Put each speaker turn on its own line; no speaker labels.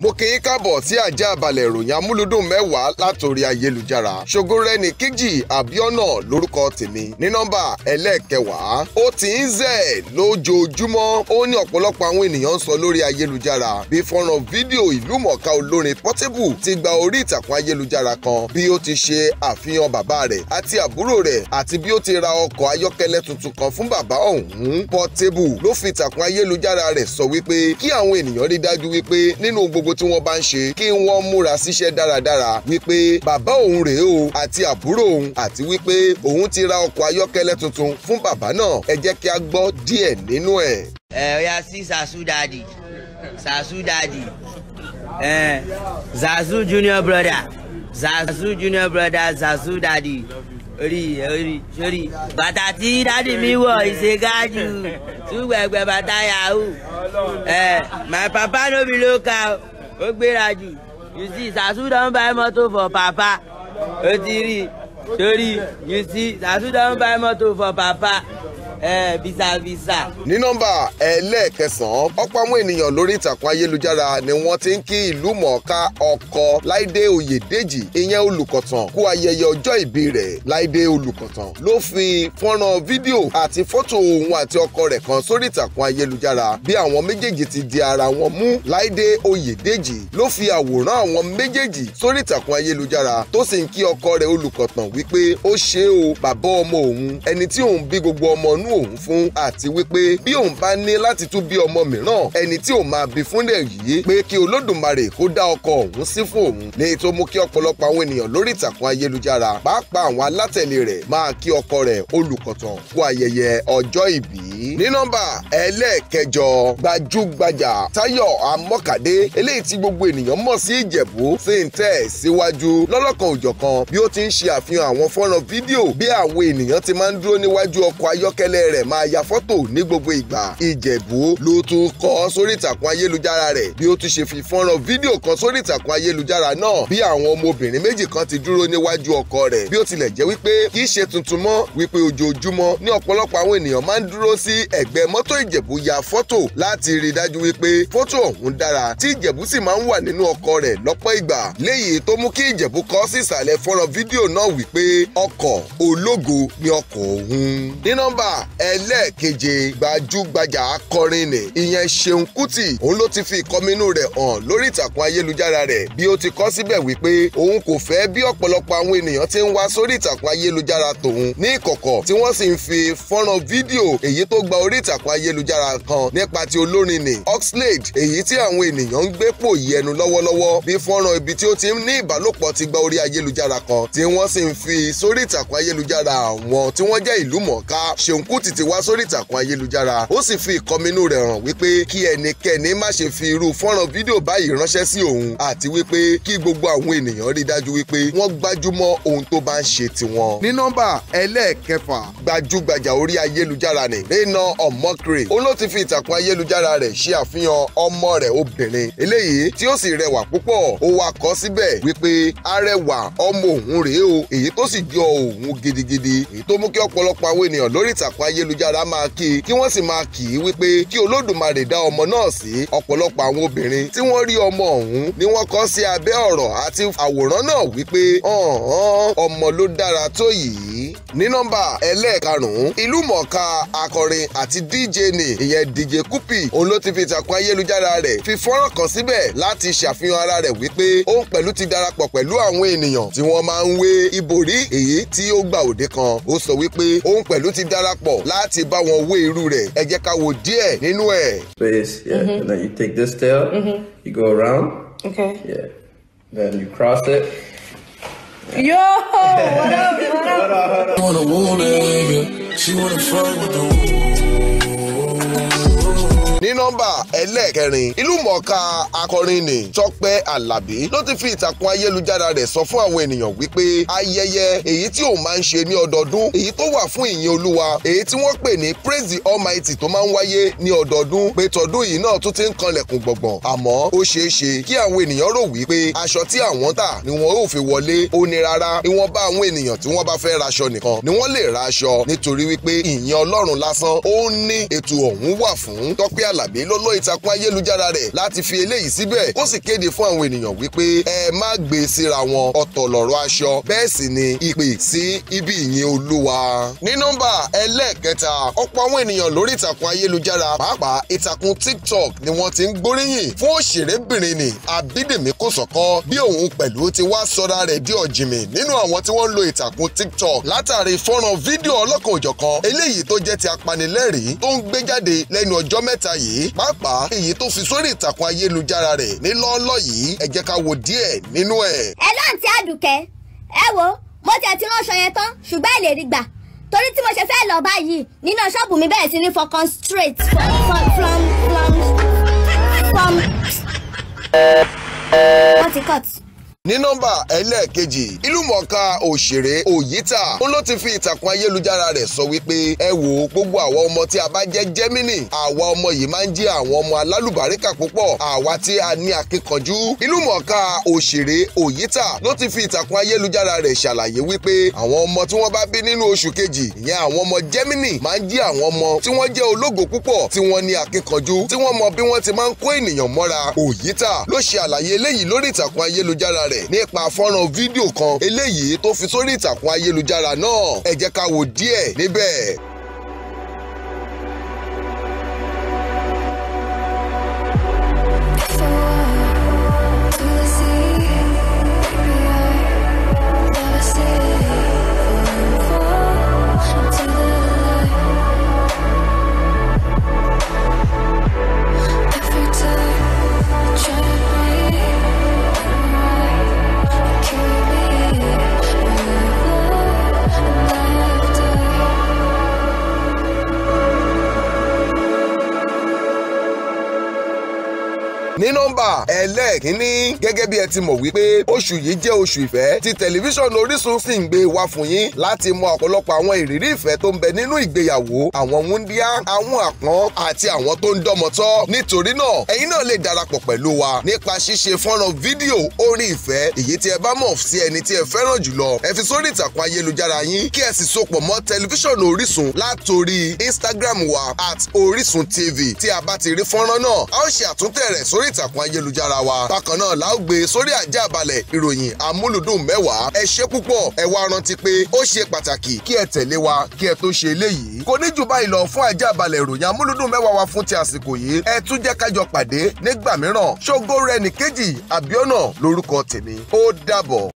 mo kì í káàbọ̀ sí àjà àbàlẹ̀ ìròyìn amúlùdùn mẹ́wàá látòrí ayélujára ṣogúnrẹ́ ní kíjì àbíọ́nà lórúkọ tèmi ní nọ́mbà ẹlẹ́ẹ̀kẹwàá ó ti ń zẹ̀ lójoojúmọ́ ó ní ọ̀pọ̀lọpọ̀ àwọn ènìyàn ń sọ lórí ayélujára bí fọ́nrán fídíò ìlúmọ̀ọ́ká olórin Portable ti gba orí ìtàkùn ayélujára kan bí ó ti ṣe àfihàn bàbá rẹ̀ àti àbúrò rẹ̀ àti bí ó ti ra ọkọ̀ Portable ló fi ìtàkùn ayélujára rẹ̀ sọ wípé kí àwọn ènìyàn rí dájú wípé nínú gbogbo gbogbo tí wọ́n bá ń ṣe kí wọ́n múra síṣẹ́ dáradára wípé bàbá òun rèé o àti àbúrò òun àti wípé òun ti ra ọkọ̀ ayọ́kẹ́lẹ́ tuntun fún bàbá náà ẹ jẹ́ kí a gbọ́ díẹ̀ nínú ẹ̀. ẹ ọya sí Sasu Daddy Sasu Daddy eh, Zazu junior brother Zazu junior brother Zazu Daddy orí orí sórí. bàtà tí dádì mi wọ̀ ìṣègájú túgbẹ̀gbẹ̀ bàtà yahoo. my papa no be local ó gbéra jù you see Sasu don buy moto for papa ó ti rí i sórí you see Sasu don buy moto for papa visa visa. ní nọ́mbà ẹlẹ́ẹ̀kẹsàn-án ọ̀pọ̀ ènìyàn lórí ìtàkùn ayélujára ni wọ́n ti ń kí ìlú mọ̀ọ́ká ọkọ láìdé oyèdèjì ìyẹn olùkọ̀tàn kú ayẹyẹ ọjọ́ ìbí rẹ̀ láìdé olùkọ̀tàn ló fi fọ́nrán fídíò àti fọ́tò òun àti ọkọ rẹ̀ kan sórí ìtàkùn ayélujára bí àwọn méjèèjì ti di ara wọn mú láìdé oyèdèjì ló fi àwòrán àwọn méjèèjì sórí ìtàkùn ayélujára tó sì ń kí ọkọ rẹ̀ olùkọ̀tàn wípé ó ṣe é o bàbá ọmọ òun ẹni tí òun bí gbogbo ọmọ inú òun fún àti wípé bí òun bá ní láti tún bí ọmọ mìíràn ẹni tí òun máa bí fúnlẹ̀ yìí pé kí olódùmarè kó dá ọkọ òun sí fún òun ní tó mú kí ọ̀pọ̀lọpọ̀ àwọn ènìyàn lórí ìtàkùn ayélujára pàápàá àwọn alátẹ̀lé rẹ̀ máa kí ọkọ rẹ̀ olùkọ̀tàn kú ayẹyẹ ọjọ́ ìbí. ní nọ́mbà ẹlẹ́ẹ̀kẹjọ gbajúgbajà Táyọ̀ Amọ́kàdé eléyìí tí gbogbo ènìyàn mọ̀ sí Ìjẹ̀bú sì ń tẹ̀ síwájú lọ́lọ́kan òjọ̀kan bí ó ti ń ṣe àfihàn àwọn fọ́nrán fídíò bí àwọn ènìyàn ti máa ń dúró níwájú ọkọ̀ ayọ́kẹ́lẹ́ ọ̀rẹ́ rẹ̀ máa ya fọ́tò ní gbogbo ìgbà ìjẹ̀bú ló tún kọ sórí ìtàkùn ayélujára rẹ̀ bí ó tún ṣe fi fọ́nrán fídíò kan sórí ìtàkùn ayélujára náà bí àwọn ọmọbìnrin méjì kan ti dúró níwájú ọkọ rẹ̀ bí ó tilẹ̀ jẹ́ wípé kì í ṣe tuntun mọ́ wípé ojoojúmọ́ ní ọ̀pọ̀lọpọ̀ àwọn ènìyàn máa ń dúró sí ẹ̀gbẹ́ mọ́tò ìjẹ̀bú ya fọ́tò láti rí dájú wípé fọ́tò ọ̀hún dára tí ìjẹ̀bú sì máa ń wà nínú ọkọ rẹ̀ lọ́pọ̀ ìgbà léyìí tó mú kí ìjẹ̀bú kọ sí ìsàlẹ̀ fọ́nrán fídíò náà wípé ọkọ̀ ológo ni ọkọ̀ òun. ní nọ́mbà ẹlẹ́ẹ̀keje gbajúgbajà akọrin nì ìyẹn Ṣeun Kútì òun ló ti fi ìkọminú rẹ̀ hàn lórí ìtàkùn ayélujára rẹ̀ bí ó ti kọ síbẹ̀ wípé òun kò fẹ́ bí ọ̀pọ̀lọpọ̀ àwọn ènìyàn ti ń wá sórí ìtàkùn ayélujára tòun ní ìkọ̀kọ̀ tí wọ́n sì ń fi fọ́nrán fídíò èyí tó gba orí ìtàkùn ayélujára kan nípa ti olórin nì Oxlade èyí tí àwọn ènìyàn ń gbé pò yẹnu lọ́wọ́lọ́wọ́ bí fọ́nrán ibi tí ó ti ní ìbálòpọ̀ ti gba orí ayélujára kan tí wọ́n sì ń fi sórí ìtàkùn ayélujára àwọn tí wọ́n jẹ́ ìlú mọ̀ọ́ká Ṣeun Kútì tètè wá sórí ìtàkùn ayélujára ó sì fi ìkọminú rẹ̀ hàn wípé kí ẹnikẹ́ni má ṣe fi irú fọ́nrán fídíò báyìí ránṣẹ́ sí òun àti wípé kí gbogbo àwọn ènìyàn rí dájú wípé wọ́n gbájúmọ́ ohun tó bá ń ṣe tiwọn. ní nọ́mbà ẹlẹ́ẹ̀kẹfà gbajúgbajà orí ayélujára ni Rena Omokri òun ti fi ìtàkùn ayélujára rẹ̀ ṣe àfihàn ọmọ rẹ̀ obìnrin eléyìí tí ó sì rẹwà púpọ̀ ó wá kọ síbẹ̀ wípé arẹwà ọmọ òun rèé o èyí tó sì jọ òun gidigidi èyí tó mú kí ọ̀pọ̀lọpọ̀ àwọn ènìyàn lórí ìtàkùn ayélujára máa kí i kí wọ́n sì máa kì í wípé kí olódùmarè dá ọmọ náà sí ọ̀pọ̀lọpọ̀ àwọn obìnrin tí wọ́n rí ọmọ ọ̀hún ni wọ́n kọ sí abẹ́ ọ̀rọ̀ àti àwòrán náà wípé ọmọ ló dára tó yìí yìí ní nọ́mbà ẹlẹ́ẹ̀karùn-ún ìlú mọ̀ọ́ká akọrin àti dj ni ìyẹn dj kúpì òun ló ti fi ìtàkùn ayélujára rẹ̀ fi fọ́nrán kan síbẹ̀ láti ṣàfihàn ara rẹ̀ wípé òun pẹ̀lú ti darapọ̀ pẹ̀lú àwọn ènìyàn tí wọ́n máa ń wé ìbòrí èyí tí ó gba òde kan ó sọ wípé òun pẹ̀lú ti darapọ̀ láti bá wọn wé irú rẹ̀ ẹ jẹ́ ká wo díẹ̀ nínú ẹ̀. space yeah mm-hmm. and then you take this tail mm-hmm. you go around okay yeah then you cross it. Yo, what up? What up? What up? What up? ní nọ́mbà ẹlẹ́ẹ̀kẹrin ìlú mọ̀ọ́ká akọrin nì Tọ́pẹ́ Àlàbí ló ti fi ìtàkùn ayélujára rẹ̀ sọ fún àwọn ènìyàn wípé ayẹyẹ èyí tí òun máa ń ṣe ní ọdọọdún èyí tó wà fún ìyìn Olúwa èyí tí wọ́n pè ní praise the almighty tó máa ń wáyé ní ọdọọdún pé tọdún yìí náà tún ti ń kanlẹ̀kùn gbọ̀ngbọ̀n àmọ́ ó ṣeé ṣe kí àwọn ènìyàn rò wípé aṣọ tí àwọn tà ni wọn ò fi wọlé ó ní rárá ìwọ̀nba àwọn ènìyàn tí wọ́n bá fẹ́ raṣọ nìkan ni wọ́n lè raṣọ nítorí wípé ìyìn Ọlọ́run lásán ó ní ètò ọ̀hún wà fún Tọ́pẹ́ Àlàbí ló ló ìtàkùn ayélujára rẹ̀ láti fi eléyìí síbẹ̀ ó sì kéde fún àwọn ènìyàn wípé ẹ má gbé síra wọn ọ̀tọ̀ lọ̀rọ̀ aṣọ bẹ́ẹ̀ sì ni ìpè sí ibi ìyìn Olúwa. ní nọ́mbà ẹlẹ́ẹ̀kẹta ọ̀pọ̀ àwọn ènìyàn lórí ìtàkùn ayélujára pàápàá ìtàkùn TikTok ni wọ́n ti ń gbóríyìn fún òṣèrébìnrin ni Àbídèmí Kòsọ́kọ́ bí òun pẹ̀lú ti wá sọ́ra rẹ̀ di ọ̀jìnmì nínú àwọn tí wọ́n ń lo ìtàkùn TikTok látàrí fọ́nrán fídíò ọlọ́kan-ò-jọ̀kan eléyìí tó jẹ́ ti apanilẹ́rìí tó ń gbé jáde lẹ́nu ọjọ́ mẹ́ta yìí pàápàá èyí tó fi sórí ìtàkùn ayélujára rẹ̀ nílọ́ọ́lọ́ yìí ẹ jẹ́ ká wo díẹ̀ nínú ẹ̀. ẹ ló ti àdùkẹ́ ẹ wo mo tẹ̀ ti ránṣọ yẹn tán ṣùgbọ́n ẹ rí gbà torí tí mo ṣe fẹ́ lọ báyìí nínú ṣọ́ọ̀bù mi bẹ̀rẹ̀ sí ní fọkàn straight from from from. wọ́n ti cut ní nọ́mbà ẹlẹ́ẹ̀kejì ìlúmọ̀ọ́ká òṣèré òyítà ń ló ti fi ìtàkùn ayélujára rẹ̀ sọ wípé ẹ wò ó gbogbo àwa ọmọ tí a bá jẹ́ Gemini àwa ọmọ yìí máa ń jẹ́ àwọn ọmọ alálùbáríkà púpọ̀ àwa tí a ní akíkanjú ìlúmọ̀ọ́ká òṣèré òyítà ló ti fi ìtàkùn ayélujára rẹ̀ ṣàlàyé wípé àwọn ọmọ tí wọ́n bá bí nínú oṣù kejì ìyẹn àwọn ọmọ Gemini rẹ̀ nípa fọ́nrán fídíò kan eléyìí tó fi sórí ìtàkùn ayélujára náà ẹ jẹ́ ká wò díẹ̀ níbẹ̀. lean on nọ́mbà ẹlẹ́ẹ̀kínní gẹ́gẹ́ bí ẹ ti mọ̀ wípé oṣù yìí jẹ́ oṣù ìfẹ́ tí tẹlifíṣàn Orísun sì ń gbé wá fún yín láti mọ ọ̀pọ̀lọpọ̀ àwọn ìrírí ìfẹ́ tó ń bẹ nínú ìgbéyàwó àwọn wúndíá àwọn àpọ́n àti àwọn tó ń dọ́mọtọ́ nítorí náà ẹ̀yin náà lè darapọ̀ pẹ̀lú wa nípa ṣíṣe fọ́nrán fídíò orin ìfẹ́ èyí tí ẹ bá mọ̀ sí ẹni tí ẹ fẹ́ràn jùlọ ẹ fi sórí ìtàkùn ayélujára yín kí ẹ sì sopọ̀ mọ́ tẹlifíṣàn Orísun látòrí Instagram wa at Orísun TV tí a bá ti rí fọ́nrán náà a ó ṣe àtúntẹ̀ rẹ̀ sórí ìtàkùn ay ayélujára wa bákan náà la ó gbé e sórí àjà àbálẹ̀ ìròyìn amúlùdùn mẹ́wàá ẹ ṣe púpọ̀ ẹ wá rántí pé ó ṣe pàtàkì kí ẹ tẹ̀lé wa kí ẹ tó ṣe eléyìí kò ní jù báyìí lọ fún àjà àbálẹ̀ ìròyìn amúlùdùn mẹ́wàá wa fún ti àsìkò yìí ẹ tún jẹ́ kájọ pàdé nígbà mìíràn